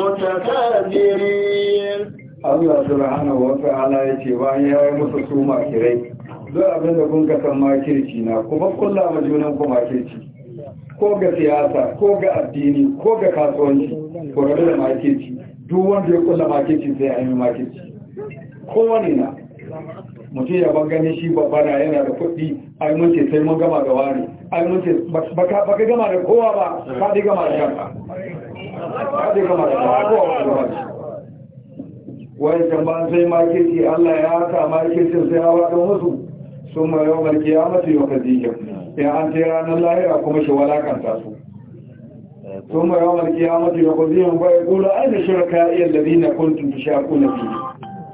متكبرين Allah subhanahu wa ta'ala ya ce bayan ya yi musu su makirai duk abin da kun san makirci na kuma kulla ma junan ku makirci ko ga siyasa ko ga addini ko ga kasuwanci ko ga da makirci duk wanda ya kulla makirci sai a yi makirci wani na mutum ya ban gani shi ba na yana da kuɗi ai mun ce sai mun gama da wani ai mun ce ba ka gama da kowa ba ka gama da kanka ba zai da kowa kuma shi wani jamban sai makirci Allah ya sa makircin sai hawa musu? sun ma yau ya kiyamata yau kazikin ya an ce ranar lahira kuma shi walakanta su sun ma yau ya kiyamata yau kazikin ba ya kula aina shirka iya labi na kuntun tushaku na fiye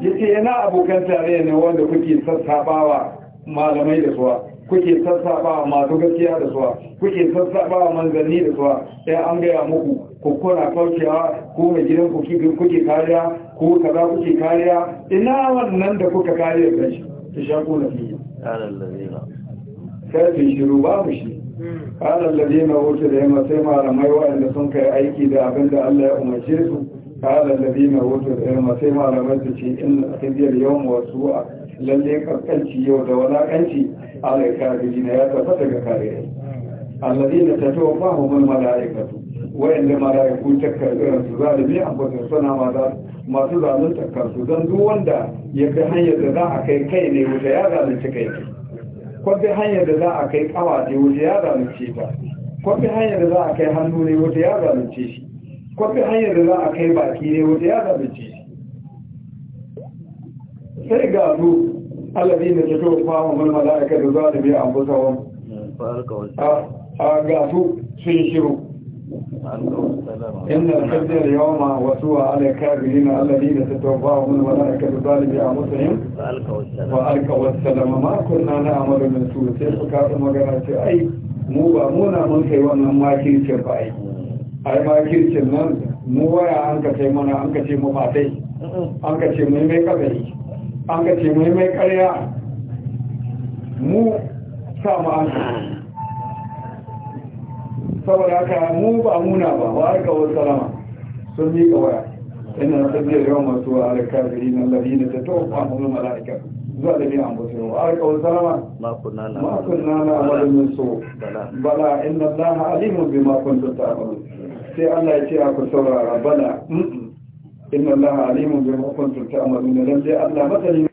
Yake yana abokan tare ne wanda kuke sassafawa malamai da suwa kuke a masu gaskiya da suwa kuke a manzanni da suwa sai an gaya muku ku kuna kaucewa ko mai gidan ku kuke kariya ko kaza kuke kariya ina wannan da kuka kariya da shi ta sha kuna fiye sai shiru babu shi hmm. ƙalar lalina wuce da yamma sai malamai waɗanda sun kai aiki da abin da Allah ya umarce su قال الذين da العلم sai malamai su ce in akidiyar yawan wasu a lalle kankanci yau da walakanci ala kafiri na ya tabbata ga kare alladina tatawafahum almalaikatu wayanda malaiku ta karbiran su da za zalimi an kwata suna maza masu zalunta kansu don duk wanda ya bi hanyar da za a kai kai ne wuce ya zalunci kai ne kwabi hanyar da za a kai kawa ne wuce ya zalunce ta kwabi hanyar da za a kai hannu ne wuce ya zalunce shi kwafi hanyar da za a kai baki ne wata ya zaɓi ce sai ga su alabi da ta tofa wa mulmala a da za a biya a sawan a ga su sun shiru inda yawon ma wasu wa alaikari na alabi da ta tofa wa mulmala a da za a biya busa yin wa alkawar salama makon na na amurin su sai su kasa magana ce ai mu ba muna mun kai wannan makirce ba aiki ai ma kirkin nan mu waya an ka sai mana an ka ce mu matai an ka ce mu mai kabari an ka ce mu mai karya mu sa mu an saboda haka mu ba muna ba wa aka wa salama sun yi ga waya inna sabbiya yawan masu wa alkafiri na da ta tofa mu mala'ika zuwa da biyan ambatin wa arka wa salama makunna na amalin so bala inna allaha alimun bi makon tattalin sai Allah ya ce a ku saurara bala in Allah alimun bi hukuntum ta'maluna sai Allah matsalin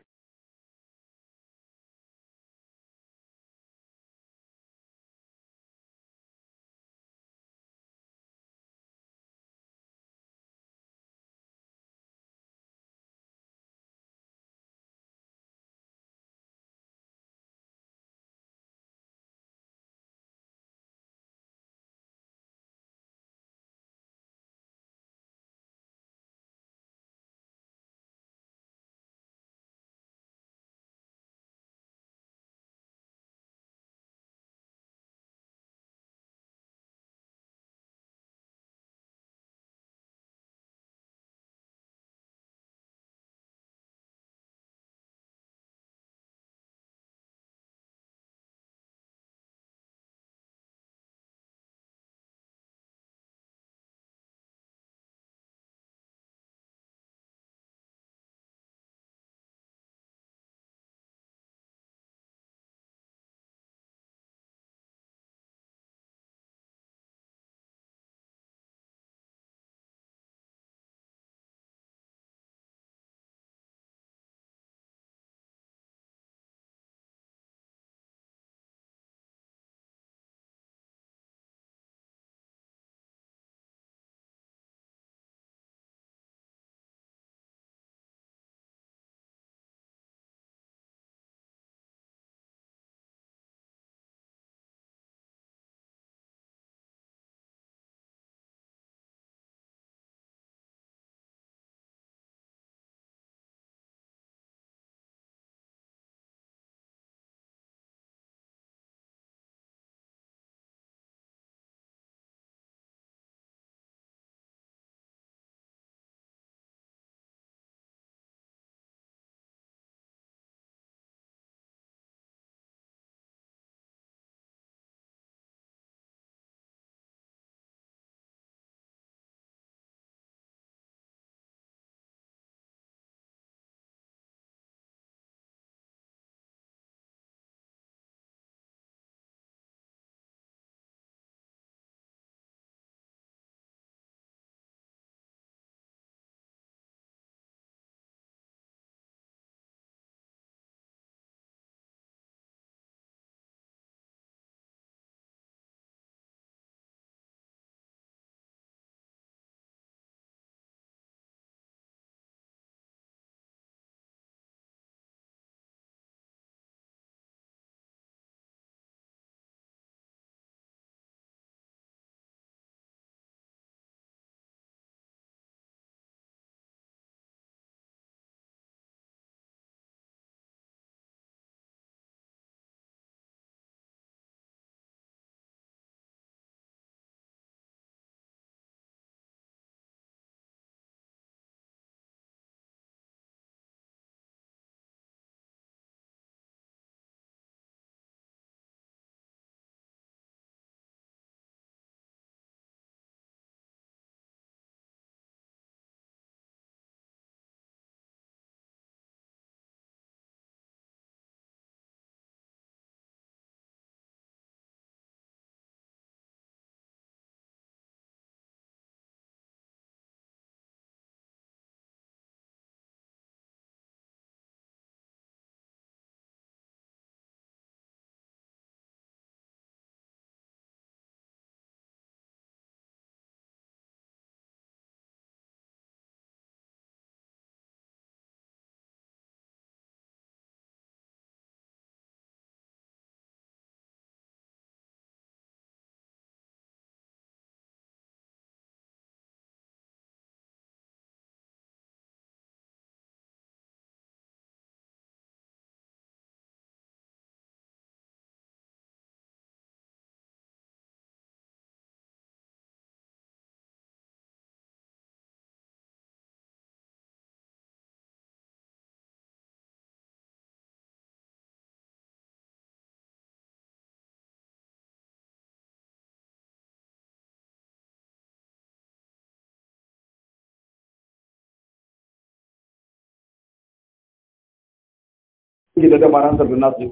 gida da baransa don nasu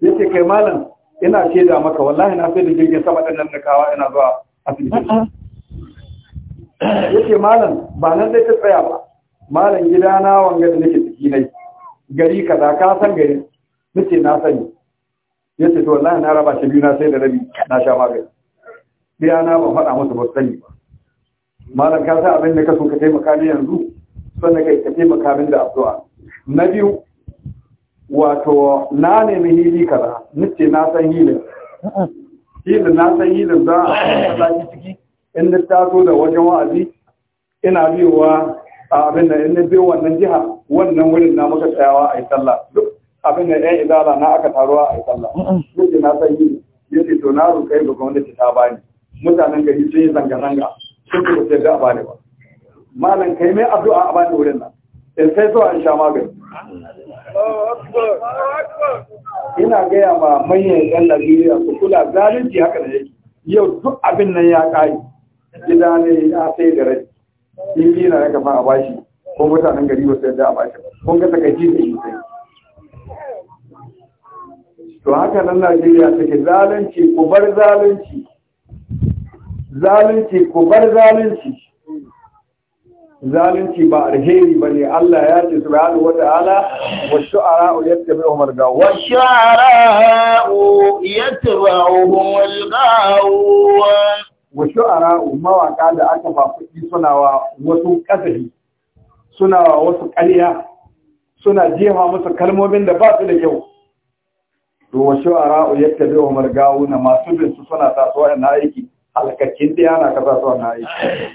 ya ce kai malam ina shaida maka wallahi na sai da jirgin sama ɗan nan na kawa ina zuwa asibiti ya ce malam ba nan zai ta tsaya ba malam gida na wanga da nake ciki nai gari kaza ka san gari nace na sani ya ce to wallahi na raba shi biyu na sai da rabi na sha magani biya na ban faɗa musu ba sani ba malam ka san abin da ka so ka taimaka ni yanzu sannan kai ka taimaka min da addu'a na biyu wato na nemi hili kaza nace na san hili hili na san hili za a saki ciki in na taso da wajen wa'azi ina biyowa a abin da in na biyo wannan jiha wannan wurin na muka tsayawa a yi sallah duk abin da ɗan izala na aka taruwa a yi sallah nace na san ya ce to na rukai ga gwamnati ta bani mutanen gari sun yi zanga-zanga sun ba su yarda a ba malam kai mai addu'a a bani wurin nan in sai zuwa in sha magani ina gaya ma manyan yan Najeriya su kula zalunci haka da yake yau duk abin nan ya kai gida ne ya sai da rai in kina na kafa a bashi ko mutanen gari ba sai da a bashi kun ga takaici da shi sai to haka nan Najeriya take zalunci ku bar zalunci zalunci ku bar zalunci zalunci ba alheri ba ne Allah ya ce su subhanahu wa ta'ala wa shu'ara'u Umar al Wasu wa shu'ara'u ya al-ghawu wa shu'ara'u mawaka da aka ba kuɗi suna wa wasu kasafi suna wa wasu ƙarya suna jefa musu kalmomin da ba su da kyau to wa shu'ara'u yattabi'uhum Umar gawo na masu bin su suna tasowa na aiki halakacin da yana ka tasowa na aiki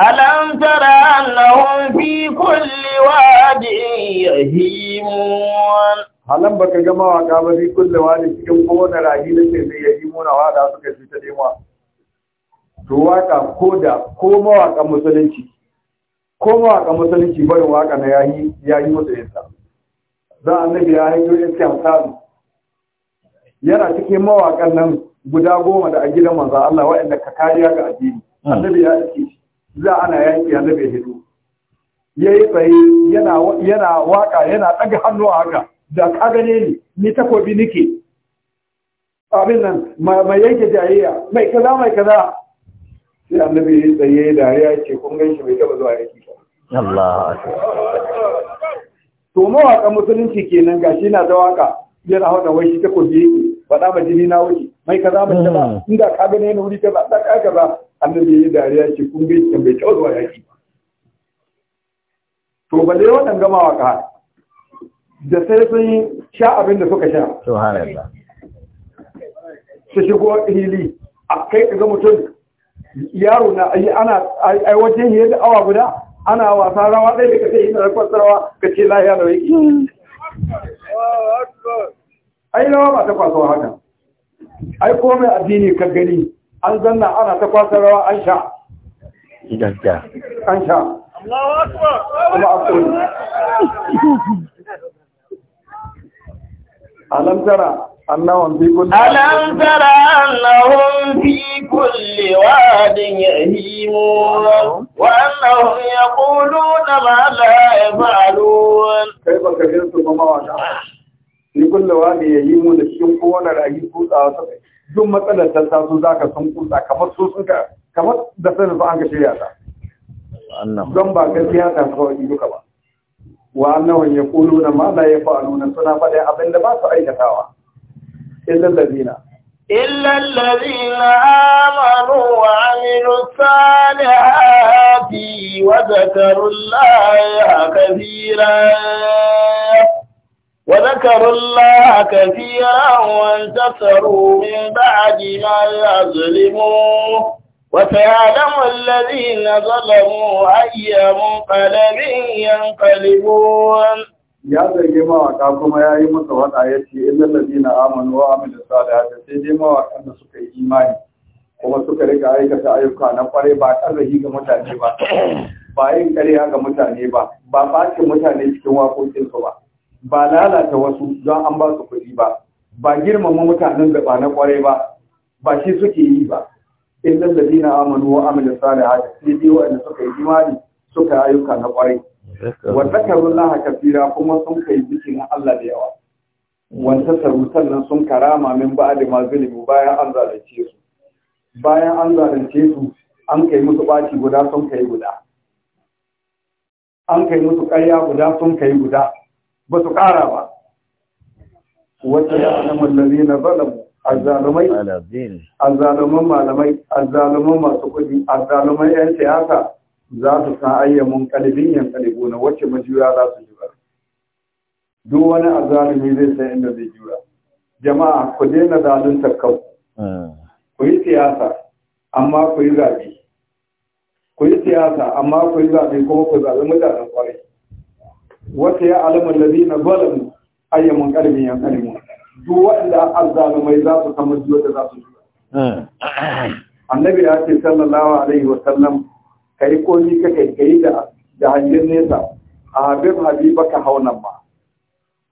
ألم تر أنهم في كل واد يهيمون halan baka ga mawaka ba fi kulle wani cikin kowane rahi na ce mai yayi muna wada suka ci ta nema to waka ko da ko mawaka musulunci ko mawaka musulunci barin waka na yayi yayi musu yasa za a nabi ya hanyo iska misali yana cikin mawakan nan guda goma da a gidan manzo Allah waɗanda ka kariya ga addini annabi ya shi. za ana yaki hidu ya yi tsaye yana waka yana ɗaga hannu a haka da ka gane ni ni takobi nike abin nan mai yanke jayayya mai kaza mai kaza sai annabi ya tsaye da ya ce kun gan shi bai taba zuwa ya ke Allah to mawaƙa musulunci kenan gashi na da waka yana hawa wai shi takobi yake faɗa ma jini na wuce mai kaza mai ba, hmm. in da ka gane yana wuri kaza da ka kaza annabi yayi dariya ce kun ga kin bai taɓa zuwa yaki ba to gama wa ka da sai sun sha abin da suka sha subhanallah su shigo hili a kai ga mutum yaro na ana ai wajen yadda awa guda ana wasa rawa ɗaya da kace ina kwasa rawa kace lahiya da wai ai rawa ba ta kwasa haka ai komai addini ka gani an zanna ana ta kwasa rawa an sha an sha kuma a kone alam tara annahum fi kulli alam tara annahum fi kulli wadin yahimun wa annahum yaquluna ma la yafalun kai baka jinsu kuma wa rikun da wani ya yi mu da cikin kowane ragi kutsawa ta duk matsalar ta taso za ka sun kutsa kamar su sun ka kamar da sanin su an ka shirya ta don ba gaskiya ta saba duka ba wa ya annahu na ma la na suna faɗa abin da ba su aikatawa illa allazina إلا الذين آمنوا وعملوا الصالحات وذكروا الله kabira وذكروا الله كثيرا وانتصروا من بعد ما يظلموا وسيعلم الذين ظلموا أي منقلب ينقلبون ya zargi mawaka kuma ya yi masa wada ya ce illal ladina amanu wa da salihati sai dai mawakan da suka yi imani kuma suka rika aikata ayyuka na kware ba karrahi ga mutane ba ba yin ƙarya ga mutane ba ba bacin mutane cikin waƙoƙinsu ba ba lalata wasu don an ba su kuɗi ba ba girmama mutanen da ba na kwarai ba ba shi suke yi ba illal ladina amanu wa amilu salihati sai dai wanda suka yi imani suka yi ayyuka na kwarai wa zakarullaha kafira kuma sun kai bikin Allah da yawa wanda sarutan nan sun karama min ba'da ma zulimu bayan an zalunce su bayan an zalunce su an kai musu baci guda sun kai guda an kai musu ƙarya guda sun kai guda ba su ƙara ba wata ya alamar mallami na zalamu azzalumai azzaluman malamai azzaluman masu kuɗi azzaluman 'yan siyasa za su san ayyamin kalibin yan kalibu na wacce majiya za su jura duk wani azalumi zai san inda zai jura jama'a ku daina zalunta kau hmm. ku yi siyasa amma ku yi zaɓe ku yi siyasa amma ku yi zaɓe kuma ku zaɓi mutanen kwarai wata ya alamun da na zalamu ayyamin ƙarfi yan ƙarfi duk waɗanda mai za su kama jiwa da za su jiwa eh. annabi ya ce sallallahu alaihi wa sallam kai komi ka kai kai da da nesa a habib habiba ka nan ba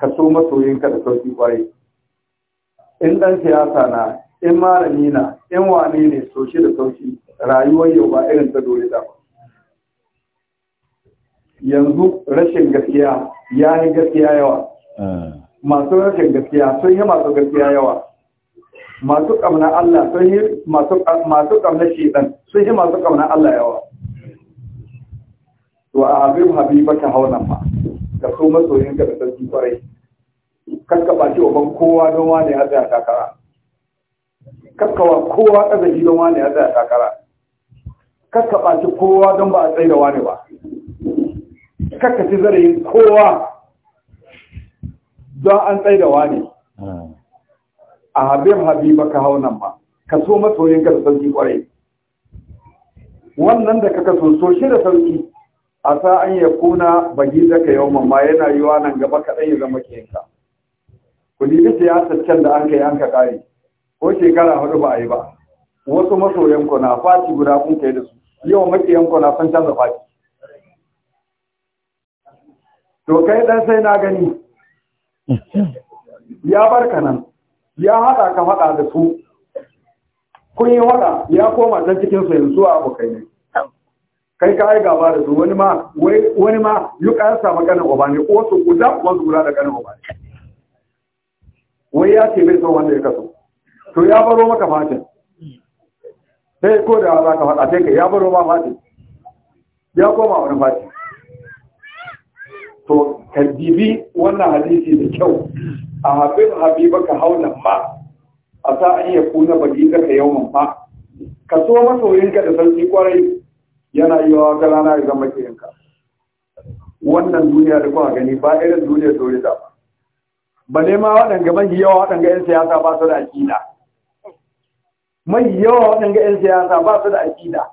ka so masoyinka da sauki kwarai in ɗan siyasa na in malami na in wane ne so shi da sauki rayuwar yau ba irin ta dole da ba yanzu rashin gaskiya ya yi gaskiya yawa ah. masu rashin gaskiya sun yi masu gaskiya yawa masu ƙamna Allah sun yi masu ƙamna shiɗan sun yi masu ƙamna Allah yawa to a abin habiba ta haunan ma da su masoyin ka da sarki kwarai kaskaba ce wa kowa don wani ya tsaya takara kaskawa kowa ɗaga shi don wani ya tsaya takara kaskaba ce kowa don ba a tsaye da wani ba kakkaci zarayin kowa don an tsaye da wane a habib habiba ka hau nan ba ka so masoyin ka da sauki kwarai wannan da kaka so so shi da sauki a sa an yi kuna bagi zaka yau mamma yana yiwa nan gaba kaɗan ya zama kenka ku dibi siyasar can da an kai an ka ƙari ko shekara hudu ba a yi ba wasu masoyan ku na faci guda kun kai da su yau maki yanku na san canza faci to kai dan sai na gani ya barka nan ya haɗa ka faɗa da su kun yi haɗa ya koma dan cikin su yanzu a abokai ne kai ka yi gaba da su wani ma wani ma yi ƙarsa maganin uba ne ko su guda wasu guda da ganin uba ne wai ya ce bai so wanda ya kaso to ya baro maka fatin sai ko da za ka faɗa sai ka ya baro ma fatin ya koma wani fatin to ka dibi wannan hadisi da kyau a habib ka haula ma a sa an ya kuna baki ka yawan ma ka so masoyinka da sarki kwarai yana yi wa ga rana ga ka wannan duniya da kuma gani ba irin duniya dole da ba ba ne ma waɗanga mai yawa waɗanga 'yan siyasa ba su da aƙida mai yawa waɗanga 'yan siyasa ba su da aƙida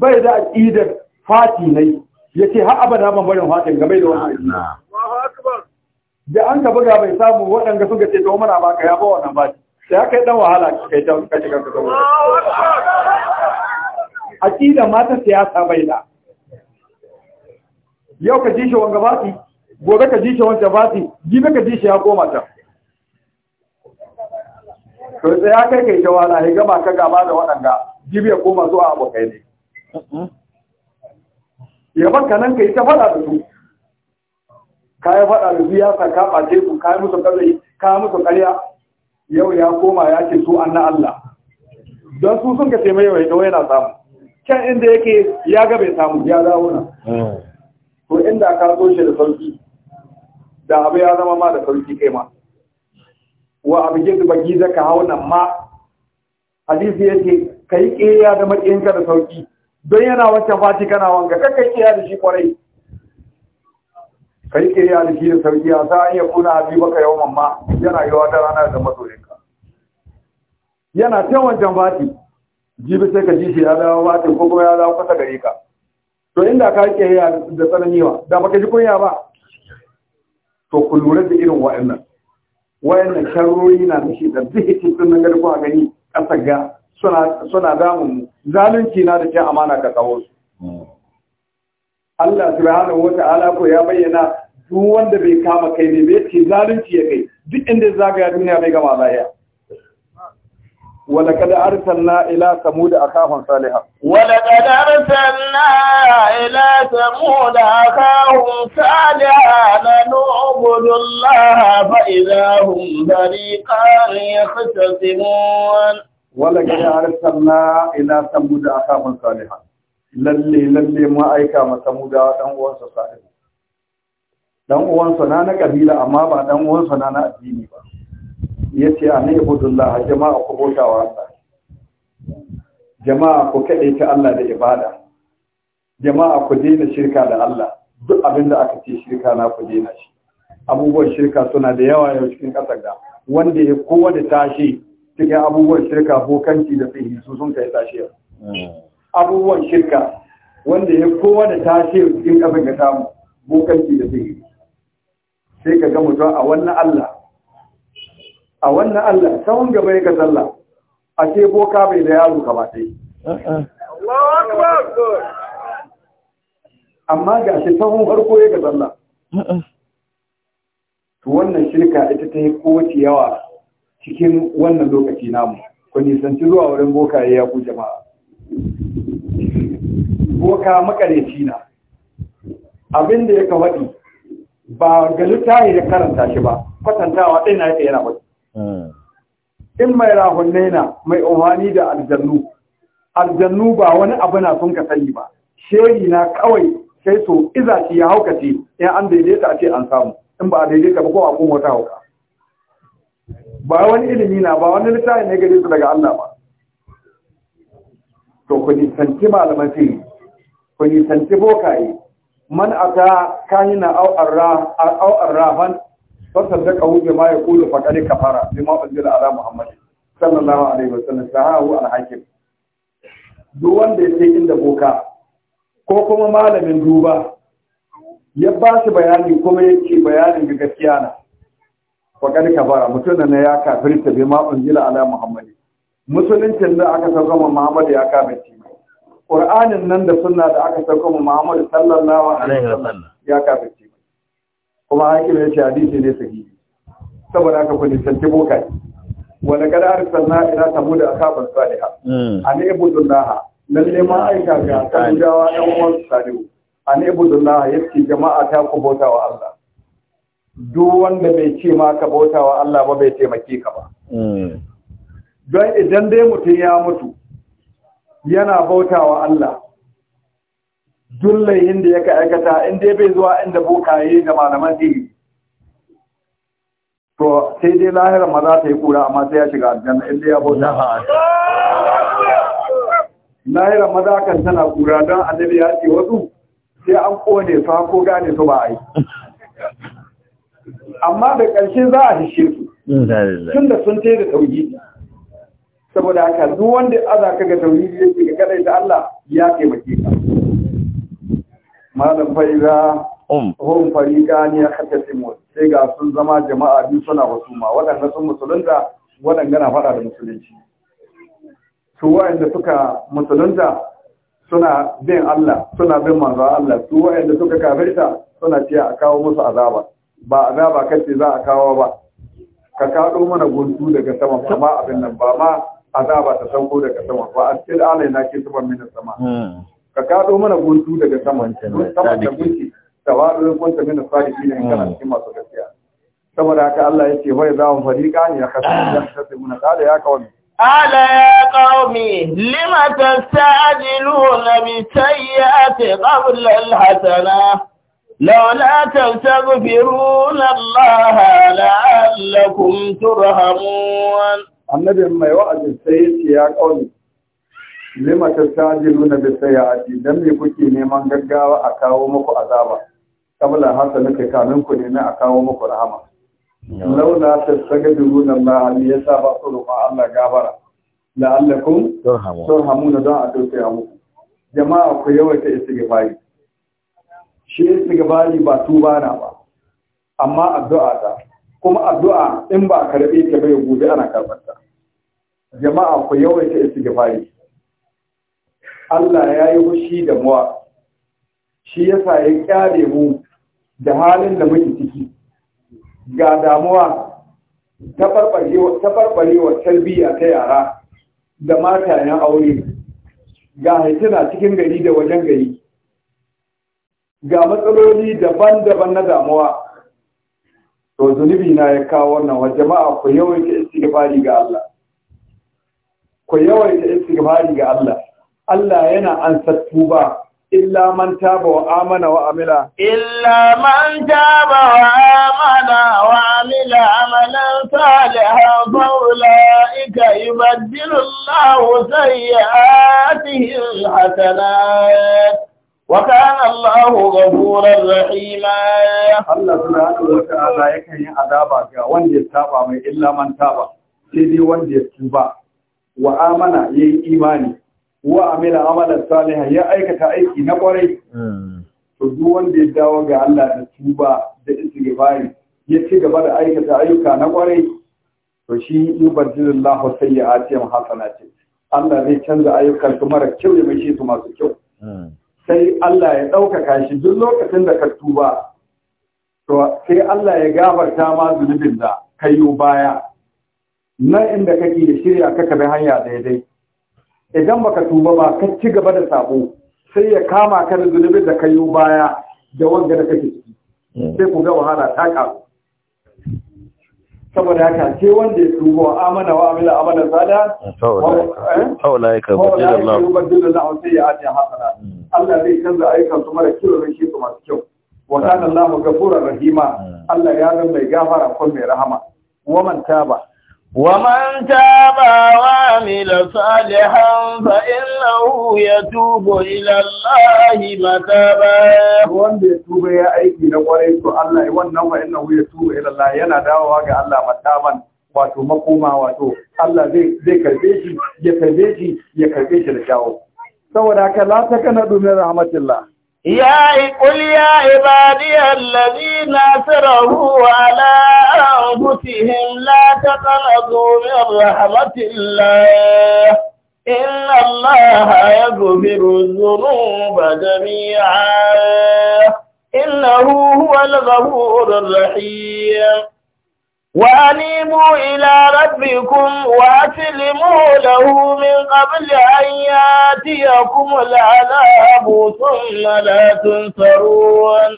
bai da aƙidar fati na yi yace har abada ban barin fatin game da wannan da an ka buga bai samu waɗanda suka ce to mana baka ya ba wannan ba. sai aka yi dan wahala kai ta ka ci kanka saboda aqida mata siyasa bai da yau ka ji shi wanga baki gobe ka ji shi wanda baki jibe ka ji shi ya koma ta to sai ya kai kai jawala ya gama ka gaba da waɗanda jibe ya koma zuwa abokai ne ya baka nan ka yi ta faɗa da su ka yi faɗa da su ya sa ka ɓace su ka yi musu ƙarfi ka yi musu ƙarya yau ya koma ya ce su an na Allah don su sun ka ce mai yawai yana samu can inda yake ya ga bai samu ya dawo na to inda ka zo shi da sauki da abu ya zama ma da sauki kai ma wa abu gizu bagi ka hau nan ma hadisi yake kai ƙeya da maƙiyinka da sauki don yana wancan fati kana wanka kakka kiriya da shi kwarai kai kiriya da shi da sauki a sa'an iya kuna abi baka yau mamma yana yi wata rana da ka yana ta wancan fati jibi sai ka ji shi ya dawo fati ko kuma ya dawo kasa gare ka to inda ka kiriya da tsananiwa da baka ji kunya ba to ku lura da irin wa'annan wa'annan sharrori na mishi da zai cikin nan garkuwa gani ƙasa ga suna damun mu zalunci na da cin amana ka kawo su. Allah Su wa ta'ala ko ya bayyana duk wanda bai kama kai ne bai ce zalunci ya kai duk inda zagaya duniya bai gama zaya. Wala kada arsalna ila samud akhahum salihan. Wala kada arsalna ila samud akhahum salihan nu'budu Allah fa idahum bariqan yahtasimun. wala ga arsalna ila samud akhaban salihan lalle lalle ma aika ma samuda dan uwansa salih dan uwansa na na kabila amma ba dan uwansa na na addini ba yace anai ibudullah jama'a ku bautawa Allah jama'a ku kade ta Allah da ibada jama'a ku daina shirka da Allah duk abin da aka ce shirka na ku daina shi abubuwan shirka suna da yawa yau cikin kasar da wanda ya kowa da tashi cikin abubuwan shirka bokanci da tsaye su sun kai tashiya abubuwan shirka wanda ya kowa da tashiya cikin kafin ka samu bokanci da tsaye. sai ka ga mutuwa a wannan Allah a wannan Allah tsawon gaba ya ka sallah a ce boka bai da yaro kama sai amma ga shi tsawon harko ya ka sallah to wannan shirka ita ta yi kowace yawa cikin wannan lokaci namu ku nisanci zuwa wurin boka ya ku jama'a boka makareci na abin da ya kawaɗi ba ga littafi da karanta shi ba kwatantawa ɗai na yake yana hmm. in mai rahunne na mai umarni da aljannu aljannu ba wani abu na sun ka sani ba sheri na kawai sai so iza ya haukace in an daidaita a ce an samu in ba a daidaita ba ko a kuma wata hauka ba wani ilimi na ba wani littafi ne gare su daga Allah ba to ku nisanci malaman sirri ku nisanci bokaye man a ata kahina aw arra aw ya fa saddaqahu ka fara. Sai kafara bima da ala muhammad sallallahu alaihi wasallam sahahu al hakim duk wanda ya ce inda boka ko kuma malamin duba ya ba shi bayani kuma ya ce bayanin ga gaskiya na faƙar Kabara, mutum na ya kafirta bai ma unjila ala muhammadi musuluncin da aka sauka ma muhammadu ya kafirci ƙur'anin nan da sunna da aka sauka ma muhammadu sallallahu alaihi wasallam ya kafirci kuma haƙi ne ce hadisi ne sahihi saboda aka kuli santi boka wala kada arsalna ila samud akaban salihah hmm. an ibudullah lalle ma aika ga samudawa yan uwan salihu an ibudullah yake jama'a ta ku wa Allah duk wanda bai ce ma ka bautawa Allah ba bai taimake ka ba hmm. don idan dai mutum ya mutu yana bautawa Allah duk laihin da yaka aikata in dai bai zuwa inda bukaye da malaman sirri to sai dai lahirar maza ta yi kura amma sai ya shiga aljanna in dai ya bauta lahirar maza kan tana kura don annabi ya ce wasu sai an kone su ko gane su ba a yi amma da ƙarshe za a hishe su tun da sun ce da tauhidi saboda haka duk wanda aza ka ga tauhidi yake ga kadai da Allah ya taimake ka malam faiza um. hum fariqa ne ya kace sai ga sun zama jama'a biyu suna ma waɗanda sun musulunta waɗanda na faɗa da musulunci su waɗanda suka musulunta suna bin Allah suna bin manzo Allah su waɗanda suka kafirta suna ciya a kawo musu azaba ba a azaba kace za a kawo ba ka kaɗo mana guntu daga sama ba ma abin nan ba ma azaba ta sauko daga sama ba a cikin alai na ke tuban mina sama hmm. ka kaɗo mana guntu daga sama sama da gunki da waɗin kunta mina sadi shi ne in kana hmm. cikin masu gaskiya saboda haka Allah ya ce wai za mu fariƙa ne ah. ya kasance ya kasance muna kada ya kawo قال يا قوم لم تستعجلون بالسيئة قبل الحسنة لولا تستغفرون الله لعلكم ترحمون النبي ما يوعد sai ya قومي lima tastajiluna bi sayyi'ati dan me kuke neman gaggawa a kawo muku azaba kabla hasanuka kamin ku ne a kawo muku rahama laula tastajiluna Allah me yasa ba ku roƙa Allah gafara la'allakum turhamuna don a tausaya muku jama'a ku yawaita istighfari shi istighfari ba tuba na ba amma addu'a ta kuma addu'a in ba karbe ta bai gobe ana karbar ta jama'a ku yawaita istighfari Allah ya yi fushi da muwa shi yasa ya kyale mu da halin da muke ciki ga damuwa ta barbarewa tarbiyya ta yara da matayen aure ga haituna cikin gari da wajen gari ga matsaloli daban-daban na damuwa to zunubi na ya kawo wannan wa jama'a ku yawaita istighfari ga Allah ku yawaita istighfari ga Allah Allah yana ansa tuba إلا من تاب وآمن وعمل wa من تاب وآمن وعمل عملا صالحا فأولئك يبدل الله سيئاتهم حسنات وكان الله غفورا رحيما الله سبحانه وتعالى yakan yi adaba ga wanda ya saba mai illa man taba sai dai wanda ya tuba wa amana yayi imani wa amila amalan salihan ya aikata aiki na kwarai to duk wanda ya dawo ga Allah da tuba da istighfari ya ci gaba da aikata ayyuka na kwarai to shi yubaddilullahu sayyi'atihim ce. Allah zai canza ayyukansu mara kyau ya mai shi su masu kyau sai Allah ya ɗaukaka shi duk lokacin da ka tuba to sai Allah ya gabarta ma zunubin da ka yi baya nan inda kake da shirya ka bi hanya daidai idan baka tuba ba ka ci gaba da sabo sai ya kama ka da zunubin da ka yi baya da wanda da kake ciki sai ku ga wahala ta ƙaru. saboda haka ce wanda ya tuba wa amana wa amina amana sada fa sai ya ajiye hasana. Allah zai canza ayyukan su mara kyau zai su masu kyau wa kana Allah ghafurur rahima Allah ya zan mai gafara kun mai rahama wa man taba wa man taba wa amila salihan fa innahu yatubu ila Allah mataba wanda ya tuba ya aiki na kwarai to Allah ya wannan fa innahu yatubu ila Allah yana dawowa ga Allah mataban wato makoma wato Allah zai karbe shi ya karbe shi ya karbe shi da shawo saboda haka la takana min rahmatillah يا قل يا عبادي الذين اسرفوا على انفسهم لا تقنطوا من رحمة الله إن الله يغفر الذنوب جميعا إنه هو الغفور الرحيم وأنيبوا إلى ربكم وأسلموا له من قبل أن يأتيكم العذاب ثم لا تنصرون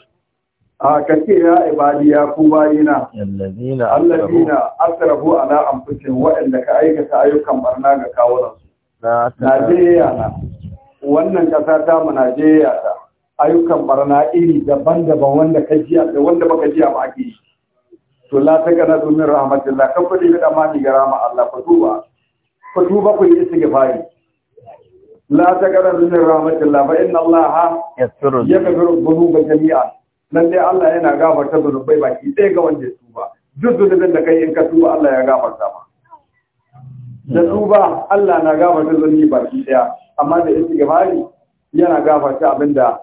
kace ya ibadi ya ku bayina allazina allazina asrafu ala waɗanda ka aikata ayyukan barna ga kawunan su wannan kasa ta mu Najeriya ta ayyukan barna iri daban-daban wanda ka da wanda baka jiya ba ake yi to la ta kana min rahmatullah, kan fadi da amani ga rahma Allah fa duba fa tuba ku yi istighfari la ta kana min rahmatullah, fa inna Allah yaghfiru dhunuba jami'a dai Allah yana gafarta ba baki ɗaya ga wanda ya tuba duk zunubin da kai in ka tuba Allah ya gafarta ma da tuba Allah na gafarta zunubi baki ɗaya amma da istighfari yana gafarta abinda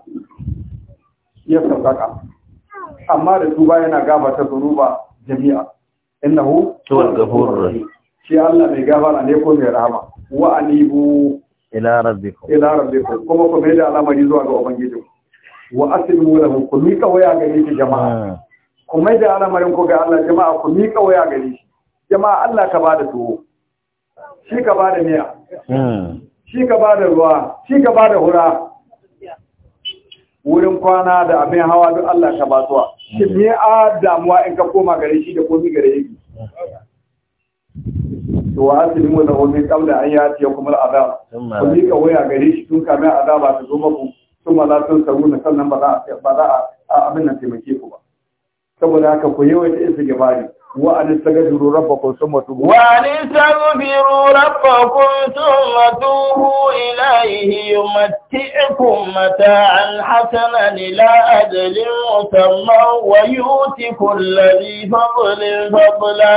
ya sauƙaƙa amma da tuba yana gafarta zunuba jami'a innahu tuwal gafur rahim shi Allah mai gafara ne ko mai rahama wa anibu ila rabbikum ila rabbikum kuma ku mai da al'amari zuwa ga ubangiji wa aslimu lahu ku mika waya ga shi jama'a ah. ku mai da al'amarin ku ga Allah jama'a ku mi waya ga ni jama'a Allah ka bada tuwo shi ka bada miya hmm. shi ka bada ruwa shi ka bada hura wurin kwana da abin hawa duk Allah ka ba tuwa shi ne a damuwa in ka koma gare shi da komi gare shi? to wa asirin wa zaho wani kabla an ya kuma azab ku ka waya gare shi tun kamin azaba ta zo maku sun ma za sun saru na sannan ba za a abin nan taimake ku ba saboda haka ku yawaita isa gibari wa an istaghfiru rabbakum thumma tubu wa an istaghfiru rabbakum thumma tubu ilayhi yumatti'ukum mata'an hasanan ila ajalin musamma wa yu'ti kulli fadlin fadla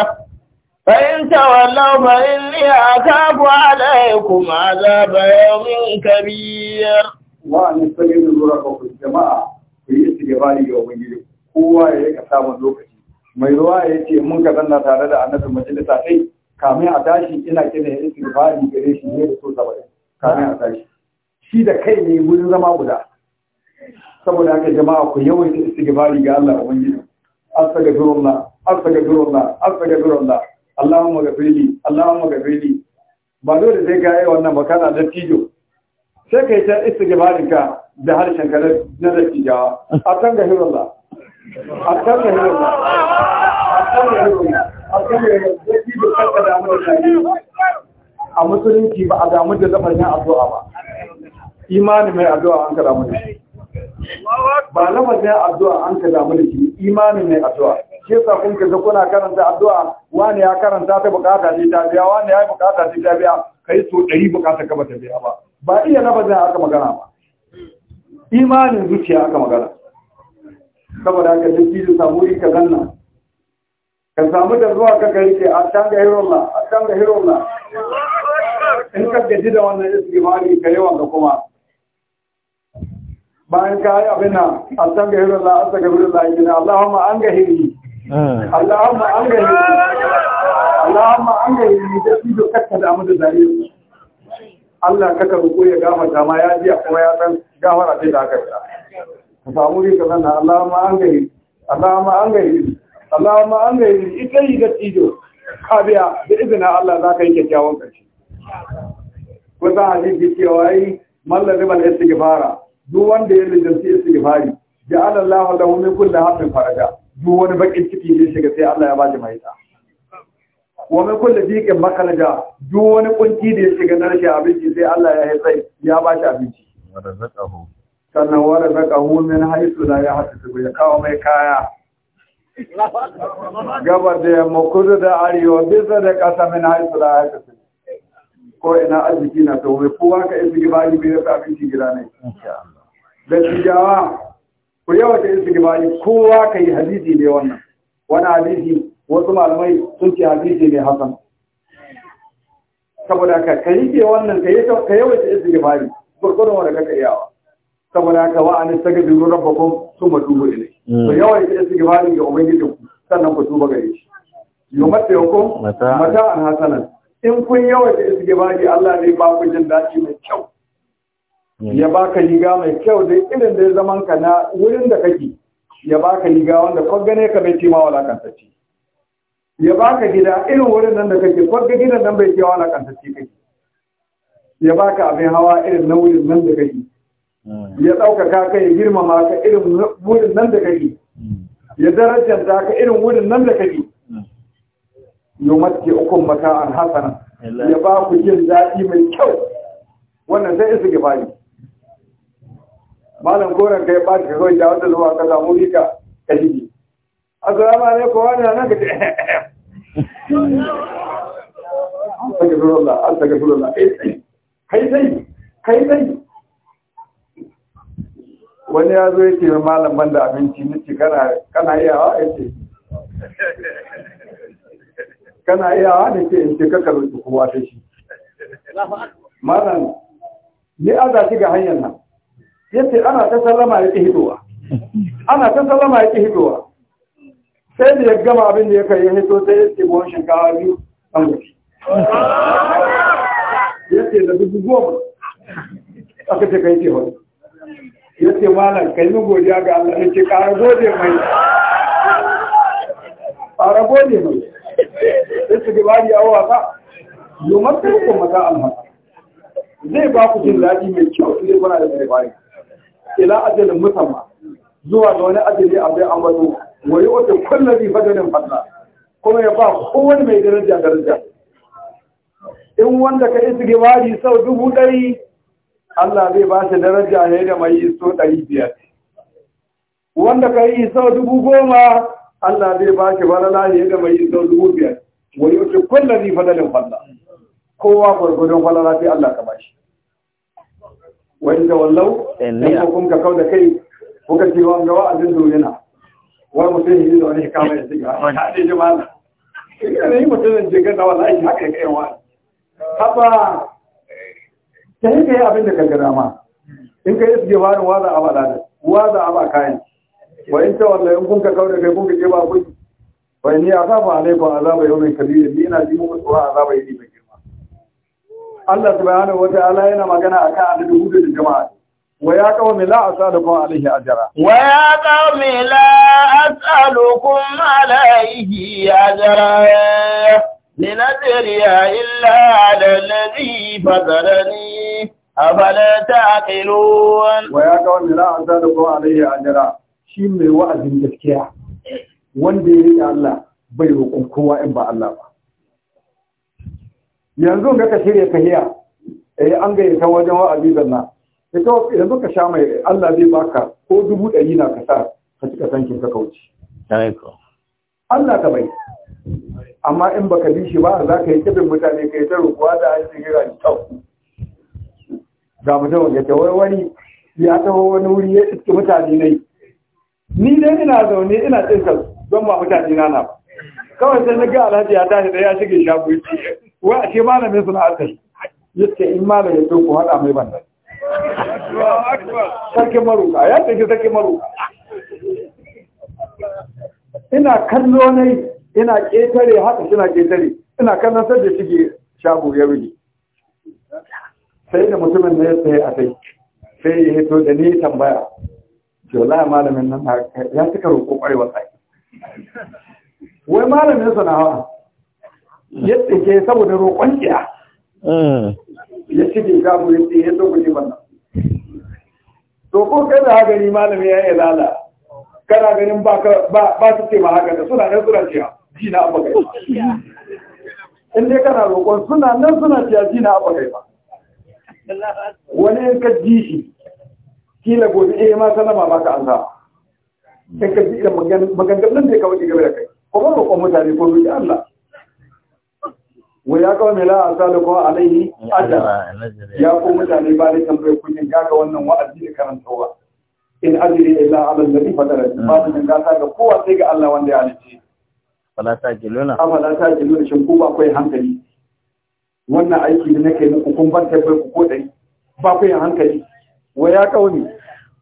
fa in tawallaw fa inni ataqu 'alaykum 'adaba yawmin kabir wa an istaghfiru rabbakum jama'a fi istighfari yawmin kowa ya ka samu lokaci mai ruwa ya ce mun ka zanna tare da annabi majalisa sai kamin a tashi ina kira ya istighfari gare shi ne da so saba'in kamin a tashi shi da kai ne wurin zama guda saboda haka jama'a ku yawaita istighfari ga Allah ubangiji astaghfirullah ga astaghfirullah Allahumma ghafirli Allahumma ghafirli ba dole sai ka yi wannan ba kana dattijo sai ka yi ta istighfarin ka da harshen kare na dattijawa Allah. a musulunci ba a damu da yin addu'a ba imani mai addu'a an ka damu da shi ba yin addu'a an ka damu da shi imani mai addu'a shi yasa kun kaga kuna karanta addu'a wani ya karanta ta bukata ce ta biya wani ya bukata ce ta biya yi so ɗari bukata kama ta biya ba ba iya na bazan aka magana ba imanin zuciya aka magana saboda haka duk jizu samu ka zanna ka samu da zuwa ka gari ke a can ga na, a can ga na. in ka gaji da wannan istighfari ka kare ga kuma bayan ka yi abin nan a can ga hirola a saka hirola yi na Allahumma an ga hiri Allahumma an ga hiri Allahumma an ga hiri da jizu kakka da mu da zare Allah kaka ruko ya gafarta ma ya ji kuma ya san gafara ce da aka yi ku samu rika zanna Allahumma an gairi Allahumma an gairi Allahumma an gari ita yi gaci jo kabiya da izina Allah za ka yi kyakkyawan karshe kusa hadisi cewa yi mallar suke fara, duk wanda ya lijjanci istighfari ja'ala Allahu lahu wani kulli hafin faraja duk wani bakin ciki ne shiga sai Allah ya ba ji mahita wa min kulli dhiqin makaraja duk wani kunci da ya shiga na abinci sai Allah ya haifai ya ba shi abinci sannan wani zaka min haisu na ya haɗu ya kawo mai kaya gabar da yamma kudu da arewa bisa da ƙasa min haisu na ya haɗu ko ina arziki na to mai kowa ka isi gibali bai da abinci gida ne da tijawa ku yawa ka isi gibali kowa ka yi hadisi ne wannan wani hadisi wasu malamai sun ce hadisi ne hasan saboda ka yi ke wannan ka ka isi gibali gurgurun wanda kaka iyawa saboda haka wa an tastaghfiru rabbakum thumma tubu ne to da ki istighfari ga ubangiji ku sannan ku tuba gare shi yumatta yakum mata an hasanan in kun da ki bani Allah ne ba ku jin daɗi mai kyau hmm. ya baka riga mai kyau da irin da zaman ka na wurin da kake ya baka riga wanda ko gane ka bai tima sace ya baka gida irin wurin nan da kake ko ga gidan nan bai tima sace kake ya baka abin hawa irin na wurin nan da kake ya ɗaukaka ka ya girmama ka irin wurin nan da kake hmm. ya darajanta ka irin wurin nan da kake hmm. yumatki ukun mata'an hasana ya ba ku jin daɗi mai kyau wannan sai isa gifari malam goron kai ba ka dawo da wata zuwa ka samu rika ka shige assalamu alaikum wani nan ka ce an saka surullah an Kai sai, kai sai kai sai wani ya zo yake mai malam ban da abinci nace kana kana iyawa yace kana iyawa da ke in ce ka da kuwa ta shi malam ni aza ga hanyar nan yace ana ta sallama ya ƙi hidowa ana ta sallama ya ƙi hidowa sai da ya gama abin da ya kai ya hito sai ya ce buwan shinkawa biyu an wuce ya ce da dubu goma aka ce kai ce wani ya ce malam kai godiya ga Allah ya ce ƙara gode mai ƙara gode mai ya ce gaba da yawo wasa domin kai ku mata alhaka zai ba ku jin daɗi mai kyau ne kuna da mai bayan ila ajalin musamman zuwa ga wani ajali a bai ambato wa yi wata bi fadalin fadla kuma ya ba kowane mai daraja daraja in wanda ka isi yi sau dubu ɗari Allah zai ba shi daraja ne da mai iso ɗari biyar. Wanda ka yi iso dubu goma, Allah zai ba shi barana ne da mai iso dubu biyar. Wani yau ce kulla zai falalin falla. Kowa gwargwadon falala sai Allah ka ba shi. Wani da wallau, ɗan kun ka kau da kai, kuka ce wa ga wa'azin domina. Wani mutum yi da wani kama ya siga, wani haɗe jama'a. Ina ne yi mutum zan je gaza aiki haka ya kai wa? Haba ta yi ka yi abin da ka ma in ka yi su gebarin waza a baɗa waza a ba kayan wa in ta wanda in kun ka kawo da kai kun ka ke ba kuɗi wa ni a zafa alaikun azaba yau mai kabiri ni ina ji muku tsoron azaba yi mai girma Allah subhanahu wata'ala yana magana akan adadin hudu da jama'a wa ya kawo mai la'asa da kuma alaihi ajara wa ya kawo لنجري إلا على الذي فضلني أفلا تعقلون ويا قوم لا أزالكم a jira. Shi mai وعدين gaskiya wanda ya riƙe Allah bai roƙon kowa in ba Allah ba yanzu ga ka shirya tahiya eh an gayyata wajen wa'azi zanna ita yanzu ka sha mai Allah zai baka ko dubu ɗari na ka sa ka cika tankin ka kauce. Allah ka bai. Amma in baka bi shi ba za ka yi kibin mutane ka yi ta rukuwa da an shigira kyau. ga mutum ya ta warware. ya taho wani wuri ya iske mutane ne ni dai ina zaune ina tsinka don ba mutane na na kawai sai na ga alhaji ya tashi da ya shige shafi yace wai a ce malamin suna Ya ce in malam ya ku hada mai banda sarkin maruka ya tafi sarkin maruka ina kallo ne ina ƙetare haka suna ƙetare ina kallon sai da shige shago ya rige sai da mutumin da ya tsaye a kai sai ya hito da ni tambaya ce malamin nan ya cika roƙo ƙwarewa tsaye wai malamin sanawa ya tsike saboda roƙon kiya eh. ya cike gabu ya tsaye ya tsokuce wannan. to ko kai da hagari malami ya yi lala kana ganin ba su ce ma haka da suna nan suna ciya ji na abu kai ba in dai kana roƙon suna nan suna ciya ji na abu kai ba wani in ka ji shi kila gobe eh ma sallama ma ka ansa in ka ji da magangan nan da ka wuce game da kai kuma roƙon mutane ko roƙi Allah wa ya kawo mai la'a salikon alaihi adda ya ko mutane ba da tambayar kujin kaga wannan wa'azi da karantarwa in ajiri illa ala alladhi fatara ba da gasa ga kowa sai ga Allah wanda ya halice fala ta jiluna afala ta jiluna shin ku ba akwai hankali wannan aiki da nake muku kun ban tabbai ku ko dai ba ku yin hankali wa ya kauni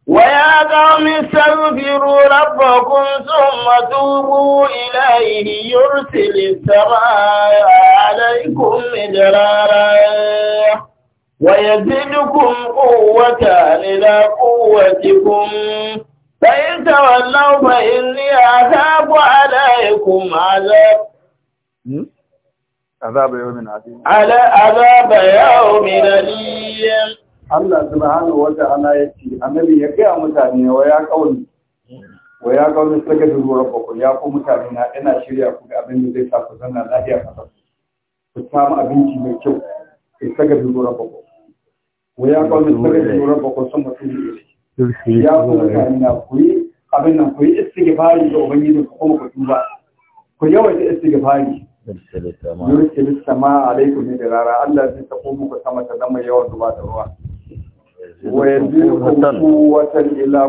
wa ya qaumi astaghfiru rabbakum thumma tubu ilayhi yursilis samaa alaykum midrara ويزدكم قوة إلى قوتكم فإن تولوا فإني أذاب عليكم عذاب عذاب يوم عظيم على عذاب يوم أليم Allah subhanahu wa ta'ala ya ce annabi ya kai mutane wa ya kauli wa ya kauli saka da ruwa ko ya ku mutane na ina shirya ku ga abin da zai sa ku zanna lafiya ka ku samu abinci mai kyau ku saka da ruwa ko wa ya kauli saka da ruwa ko sun mutum ya ku mutane na ku yi abin nan ku yi istighfari ga ubangiji ku kuma ku duba ku yawaita istighfari yurkil sama alaikum ne da rara Allah zai sako muku sama ta zama yawan zuba da ruwa ويزيدكم قوة إلى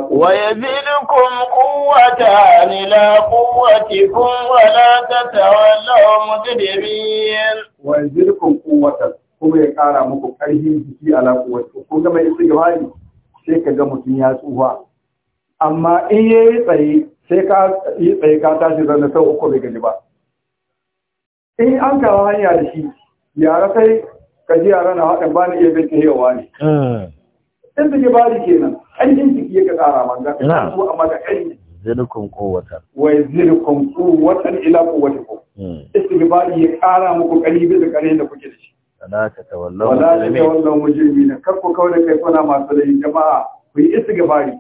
قوتكم ولا تتولوا مجرمين ويزيدكم قوة kuma ya ƙara muku ƙarfin jiki a laƙuwarsu kun gama isi gabari sai ka ga mutum ya tsufa amma in ya yi tsaye ka yi tashi zana sau uku bai gaji ba in an kawo hanya da shi yara sai ka ji yara na haɗin ba ni iya bin tahewa ne in eh. da ke bari kenan aikin ciki ya ka tsara manga ka ko amma da kai zirkon kowata Wai zirkon kowata ila kowata ko bari hmm. ya ƙara muku ƙari bisa ƙari da kuke da shi wala ta tawallahu wala ta wajen mujrimina kar ko kawai da kai kuna masu da jama'a ku yi bari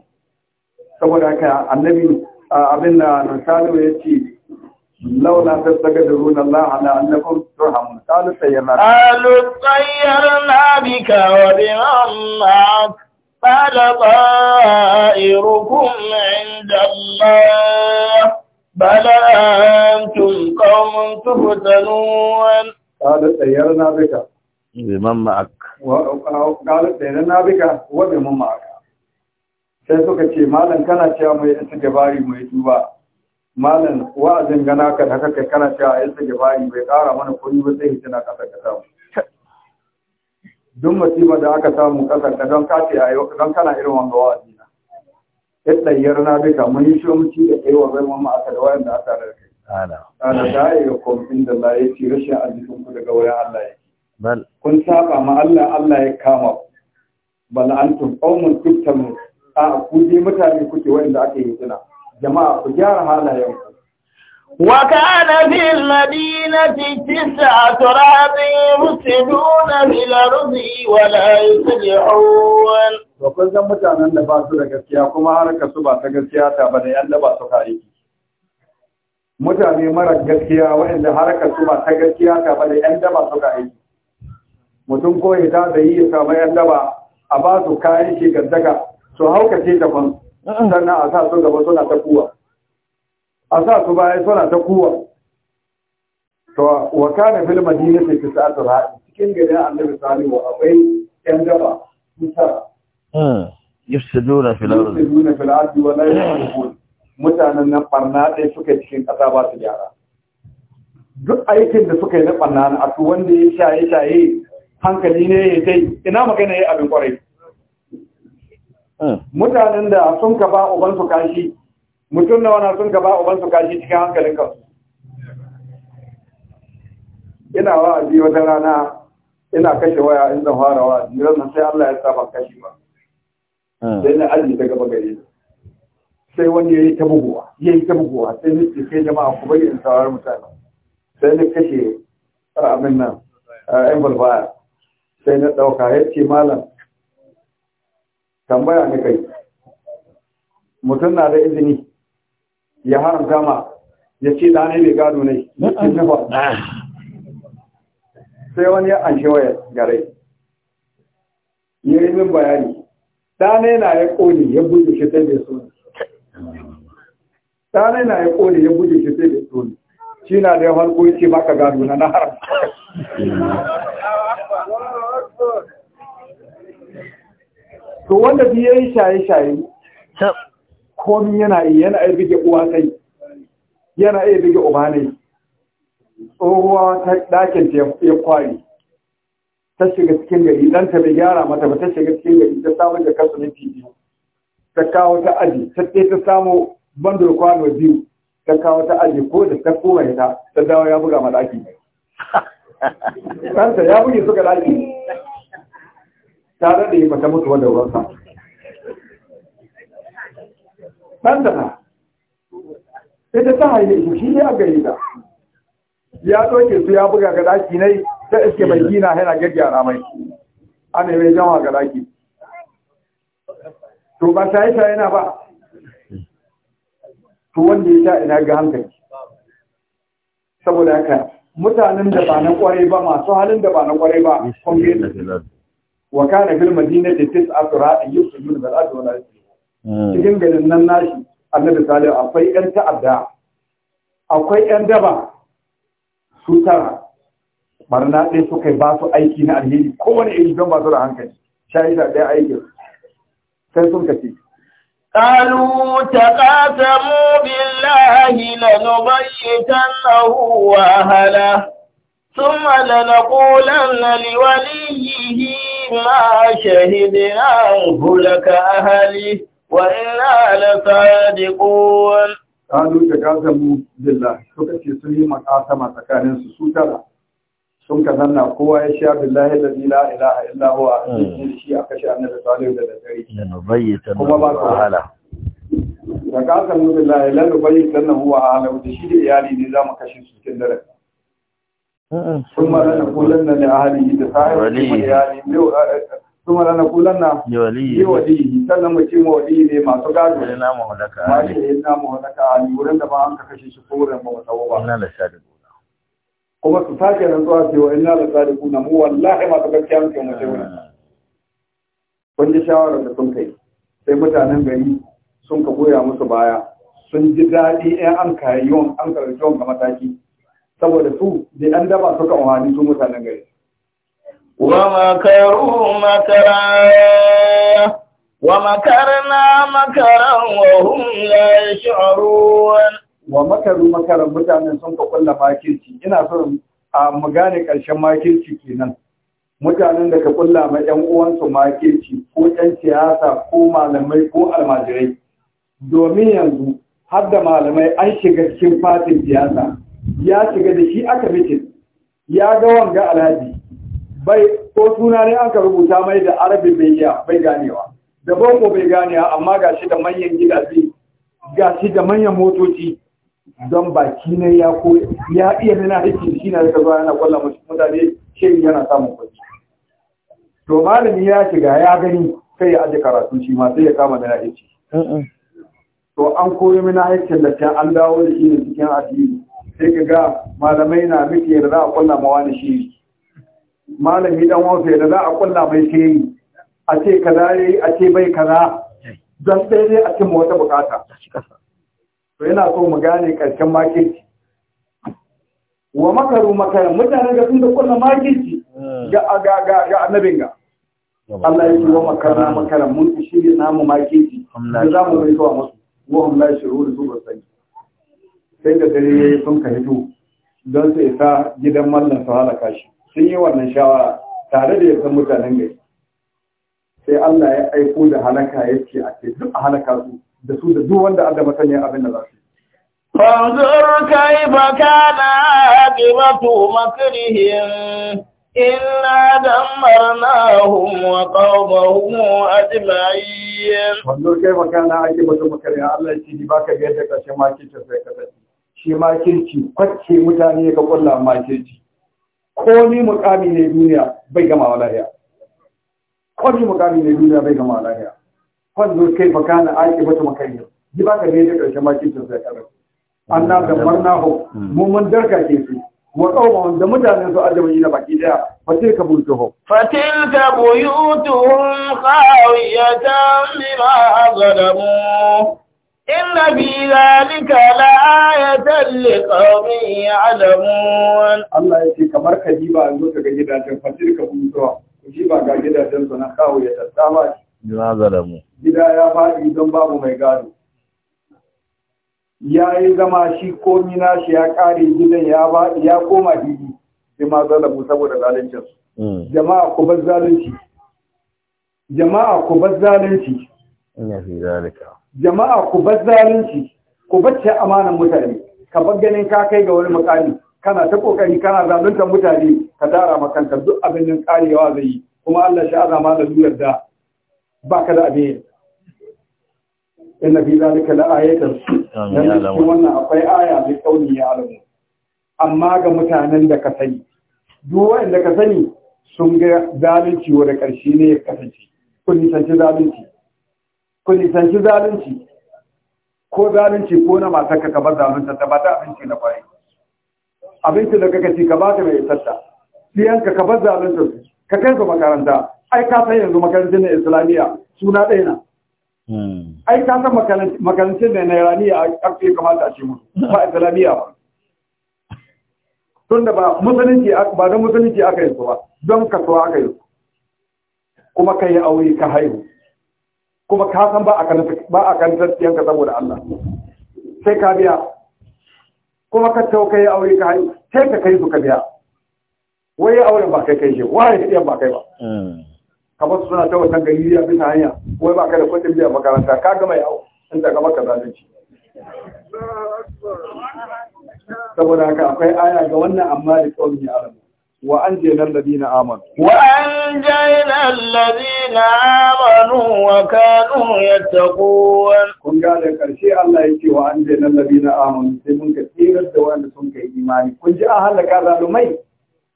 saboda haka annabi abin da Nasaru ya ce لولا تستقدرون الله على أنكم ترحمون قالوا طيرنا قالوا طيرنا بك وبمن معك قال طائركم عند الله بل أنتم قوم تفتنون قالوا طيرنا بك بمن معك قالوا طيرنا بك وبمن معك sai suka ce malam kana cewa mai isa malam wa'azin gana ka da kai kana cewa ya sake bayi bai kara mana kuɗi ba sai hitina ƙasa ka samu duk musibar da aka samu ƙasar ka don kace a yau don kana irin wanga wa'azi na ɗayyar na duka mun yi shomici da kai wa zai mun ma'aka da wayan da aka da kai ana da ya ga komfin da Allah ya ce rashin arzikin ku daga wurin Allah ya kun saba ma Allah Allah ya kama ku bal antum qaumun tuttamun a ku je mutane kuke wanda aka yi tuna jama'a ku gyara halayen ku wa kana fil madinati tis'a turabi musiduna bil ardi wa la yusli'un wa kullu mutanen da ba su da gaskiya kuma har ka su ba ta gaskiya ta ba da yalla ba su aiki. mutane mara gaskiya waɗanda harkar su ba ta gaskiya ta ba da yan daba su ka aiki mutum ko ya ta da yi ya samu yan daba a ba su kayan shi gaddaga su ka ce ta kwan. sannan a sa su gaba suna ta kuwa a sa su baya suna ta kuwa to wa kana fil madinati tis'atu ra'i cikin gari annabi salihu akwai yan gaba kusa mm. yufsiduna fil ardi yufsiduna fil ardi wa la yuslihun mutanen nan barna ɗaya suka cikin ƙasa ba su gyara duk aikin da suka yi na barna na asu wanda ya shaye shaye hankali ne ya dai ina magana ya abin kwarai mutanen da sun ka ba ubansu kashi mutum na wana sun ka ba ubansu kashi cikin hankalin kansu ina wa'azi wata rana ina kashe waya in zan fara wa jiran sai Allah ya saba kashi ba sai na aji ta gaba sai wani yayi ta buguwa yayi ta buguwa sai ni ce sai jama'a ku bari in saurari mutane sai ni kashe ah, abin nan ɗan ah, balbaya sai na ɗauka ya ce malam tambaya ne kai mutum na da izini ya haramta ma ya ce ɗane mai gado ne ah. sai wani ya anshe waya gare ya yi min bayani ɗane na ya ƙone ya buɗe shi sai da so ɗane na ya ƙone ya buɗe shi sai da so shi na da ya farko ya ce baka gado na na haramta hmm. to wanda bi yayi shaye shaye komi yana yi yana iya bige uwa kai yana ai bige uba ne tsohuwa ta dakin ta ya kwari ta shiga cikin gari dan ta bai gyara mata ba ta shiga cikin gari ta samu da kasu minti biyu ta kawo ta aji ta ce ta samu bandar kwano biyu ta kawo ta aji ko da ta koma ita ta dawo ya buga ma daki ɗansa ya buge suka daki tare da yi mata mutuwa da wansa. ɗan da na ita ta haye shi shi ne a gari da ya ɗauke su ya buga ga ɗaki nai ta iske mai gina yana gyaggyara mai ne mai jama ga ɗaki to ba sa yi yana ba to wanda ya sha ina ga hankali saboda haka mutanen da ba na kwarai ba masu halin da ba na kwarai ba kun wa kana fil madinati tis'atu ra'in yusjud bil ardi wa la yusjud cikin garin nan nashi annabi salihu akwai yan ta'adda akwai yan daba su tara barna ɗaya suka ba su aiki na alheri kowane iri don ba su da hankali shayi da ɗaya aiki, sai sun kace قالوا تقاسموا بالله لنبيتنه وأهله ثم لنقولن لوليه ما شهدناه لك أهلي وإنا لصادقون قالوا تقاسموا بالله سكتي سني مقاسمة تكانين سسوترا sun ka zanna kowa ya sha billahi da la ilaha illa huwa a cikin shi a kashe annabi salihu da dare kuma ba ka wahala da ka san billahi la nubayyitan huwa ala da shi da iyali ne zamu kashe su cikin dare ثم لنقولن لأهله دفاعه wali ne masu gado ne namu halaka ali wurin da ba an ka kashe shi ba ba kuma su sake rantsuwa wa da mu wallahi masu gaskiya muke mu shawarar da sun kai sai mutanen gari sun ka goya musu baya sun ji daɗi ɗaya an kayi an karɓi yawan ga mataki saboda su da an daba suka wani su mutanen gari wa makaru makara wa makarna makaran wa hum la yash'urun wa makaru makaran mutanen sun ka kulla makirci ina so a mu gane karshen makirci kenan mutanen da ka kulla ma yan uwansu makirci ko yan siyasa ko malamai ko almajirai domin yanzu har da malamai an shiga cikin fatin siyasa ya shiga da shi aka mitin ya ga wanga alhaji bai ko suna ne aka rubuta mai da arabi bai iya bai ganewa da boko bai ganewa amma ga shi da manyan gidaje ga shi da manyan motoci don baki ne ya ko ya iya nuna aiki shi na da zuwa yana kwalla mutane shi yana samun kwanci to malami ya shiga ya gani sai ya aje karatu shi ma sai ya kama da aiki to an koyi mina aikin da an dawo da shi ne cikin addini sai ka ga malamai na miki yadda za a kulla ma wani shi malami dan wasu yadda za a kulla mai shi a ce kaza yayi a ce bai kaza don ɗaya ne a cimma wata bukata to yana so mu gane karshen makirci wa makaru makaran mutane ga sun da kulla makirci eh. ga ga ga ga annabin ga Allah ya ce wa makarna makaran mun shirya namu makirci da za mu mai musu wa hum shiru da su ba sai sai da dare ya yi sun ka hito don su isa gidan mallan su halaka shi sun yi wannan shawara tare da yasan mutanen gari sai Allah ya aiko da halaka ya ce a ce duk a halaka su da su da duk wanda Allah sanya abin da za su فانظر كيف كان عاقبة مكرهم إنا دمرناهم وقومهم أجمعين فانظر كيف كان عاقبة مكرهم الله يجيب باك بيدك عشان ما كنت shi makirci kwace mutane ka kulla makirci komi mukami ne duniya bai gama wa lahiya komi mukami ne duniya bai gama wa lahiya kwanzo kai fa kana aiki bata makayyar ji baka ne da karshen makircin sai karar anna da marnahu mu mun darka ke su wa qawmun da mutanen su ajabi na baki daya ho buyutuhum fatilka buyutuhum khawiyatan bima zalamu Inna fi zalika la ayatan li qaumin ya'lamun. Allah ya ce kamar ka ji ba zo ka ga gidajen fasir ka kuma zuwa. ji ba ga gidajen sana kawo ya tattama shi. Na zalamu. Gida ya faɗi don babu mai gado. Ya yi zama shi ko komi shi ya ƙare gidan ya ba ya koma didi. Sai ma zalamu saboda zaluncin su. Jama'a ku bar zalunci. Jama'a ku bar zalunci. inna fi zalika jama'a ku bar zalunci ku bacce amanan mutane ka bar ganin ka kai ga wani makami kana ta kokari kana zaluntar mutane ka tara makanka duk abin nan karewa zai yi kuma Allah shi azama da lura da ba ka da abin inna fi zalika la ayatan dan wannan akwai aya mai tsauni ya alamu amma ga mutanen da ka sani duk wanda ka sani sun ga zalunci wa da ne ya kasance kun nisanci zalunci ku nisanci zalunci ko zalunci ko na matarka ka bar zalunta ta ba ta abinci na kwarai abinci da kaka ci ka ba ta mai isarta siyanka ka bar zalunta su ka kai su makaranta ai ka san yanzu makarantar na islamiyya suna ɗaya na hmm. ai ka san makarantar na iraniya a ƙarfe kamata a ce mu ba islamiyya ba tun da ba musulunci ba don musulunci aka yi su ba don kasuwa aka yi kuma ka yi aure ka haihu kuma ka san ba a kan ba a kan ka saboda Allah sai ka biya kuma ka tau kai aure ka hai sai ka kai su ka biya wai auren ba kai kai shi wai ka ba kai ba kamar suna ta wata gari ya bisa hanya wai ba kai da kudin biya makaranta ka gama yawo in gama ka zalunci saboda haka akwai aya ga wannan amma da tsawon ya alamu wa an je nan na amon wa an je nan na amanu wa kanu yattaqun kun ga da ƙarshe Allah yake wa an dai nan ladina amanu sai mun ka tsirar da wanda sun kai imani kun ji an halaka zalumai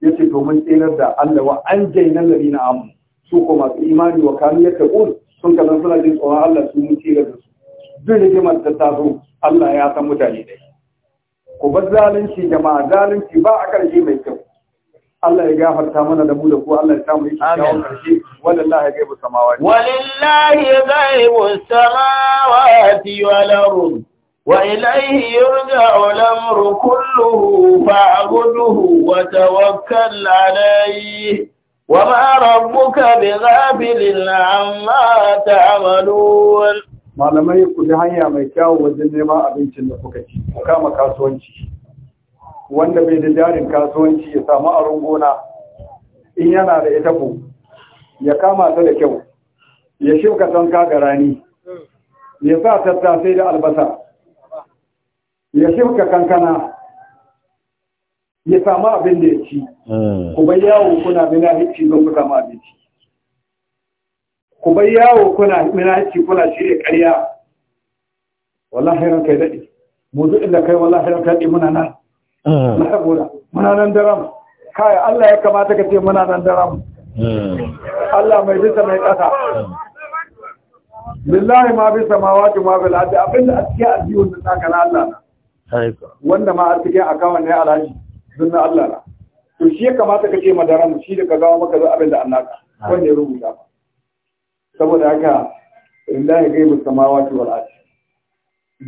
yace to mun tsirar da Allah wa an dai nan ladina amanu su ko masu imani wa kanu yattaqun sun kana suna jin tsoron Allah su mun tsirar da su duk rigimar ta taso Allah ya san mutane dai ku bar zalunci jama'a zalunci ba a ƙarshe mai kyau Allah ya gafarta mana da mu da ku Allah ya samu yi kyawun karshe wallahi gaibu samawati wallahi gaibu samawati wal ardh wa ilayhi yurja'u al-amru kulluhu fa'budhu wa tawakkal 'alayhi wa ma rabbuka bighafilin 'amma ta'malun malamai ku bi hanya mai kyawun wajen neman abincin da kuka ci ku kama kasuwanci wanda bai da jarin kasuwanci ya samu aron gona in yana da ita ku ya kama ta da kyau ya shimka tanka ga rani ya sa tattasai da albasa ya shimka kankana ya samu abin da ya ci hmm. ku bai yawo kuna mina hici don ku samu ci. ku bai yawo kuna mina hici kuna shirya karya wallahi ranka ya daɗe mu duk inda kai wallahi ranka ya daɗe muna nan saboda muna nan daram kai Allah ya kamata ka ce muna nan daram Allah mai bisa mai kasa. lillahi ma bisa ma wace ma bil ardi abinda a cikin da nan na Allah wanda ma a cikin akawun ne alhaji sunna Allah na to shi ya kamata ka ce madaram shi da ka gawo maka zo abinda annaka wanda ya rubuta saboda haka mu gaibu samawati wal ardi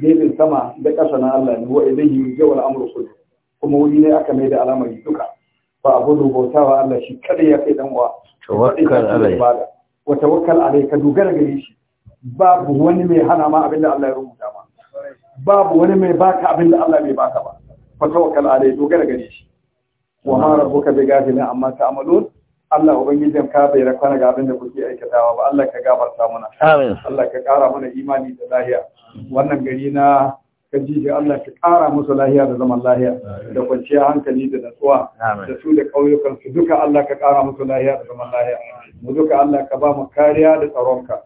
gefen sama da kasa na Allah ne wa ilayhi yawal amru kullu kuma wuri ne aka mai da alamari duka a abudu bautawa Allah shi kada ya kai dan uwa wata alai alai ka dogara gare shi babu wani mai hana ma abinda Allah ya rubuta ma babu wani mai baka abinda Allah bai baka ba wata tawakkal alai dogara gare shi wa ma rabbuka bi ghafilin amma ta'malun Allah ubangijin ka bai rakwana ga abinda kuke aikatawa ba Allah ka gafarta mana amin Allah ka kara mana imani da lahiya wannan gari na kajiji Allah ki ƙara musu lahiya da zaman lahiya da kwanciya hankali da natsuwa da su da ƙauyukan su duka Allah ka ƙara musu lahiya da zaman lahiya mu duka Allah ka ba mu kariya da tsaronka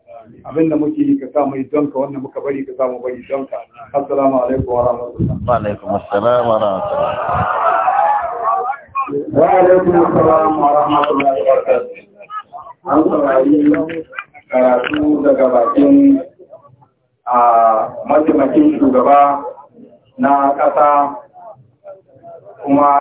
abinda muke yi ka sa mu donka wannan muka bari ka sa mu bari donka assalamu alaikum wa rahmatullahi wa alaikum assalam wa rahmatullahi wa alaikum assalam wa rahmatullahi wa barakatuh an saurari karatu daga bakin a mataimakin shugaba na ƙasa kuma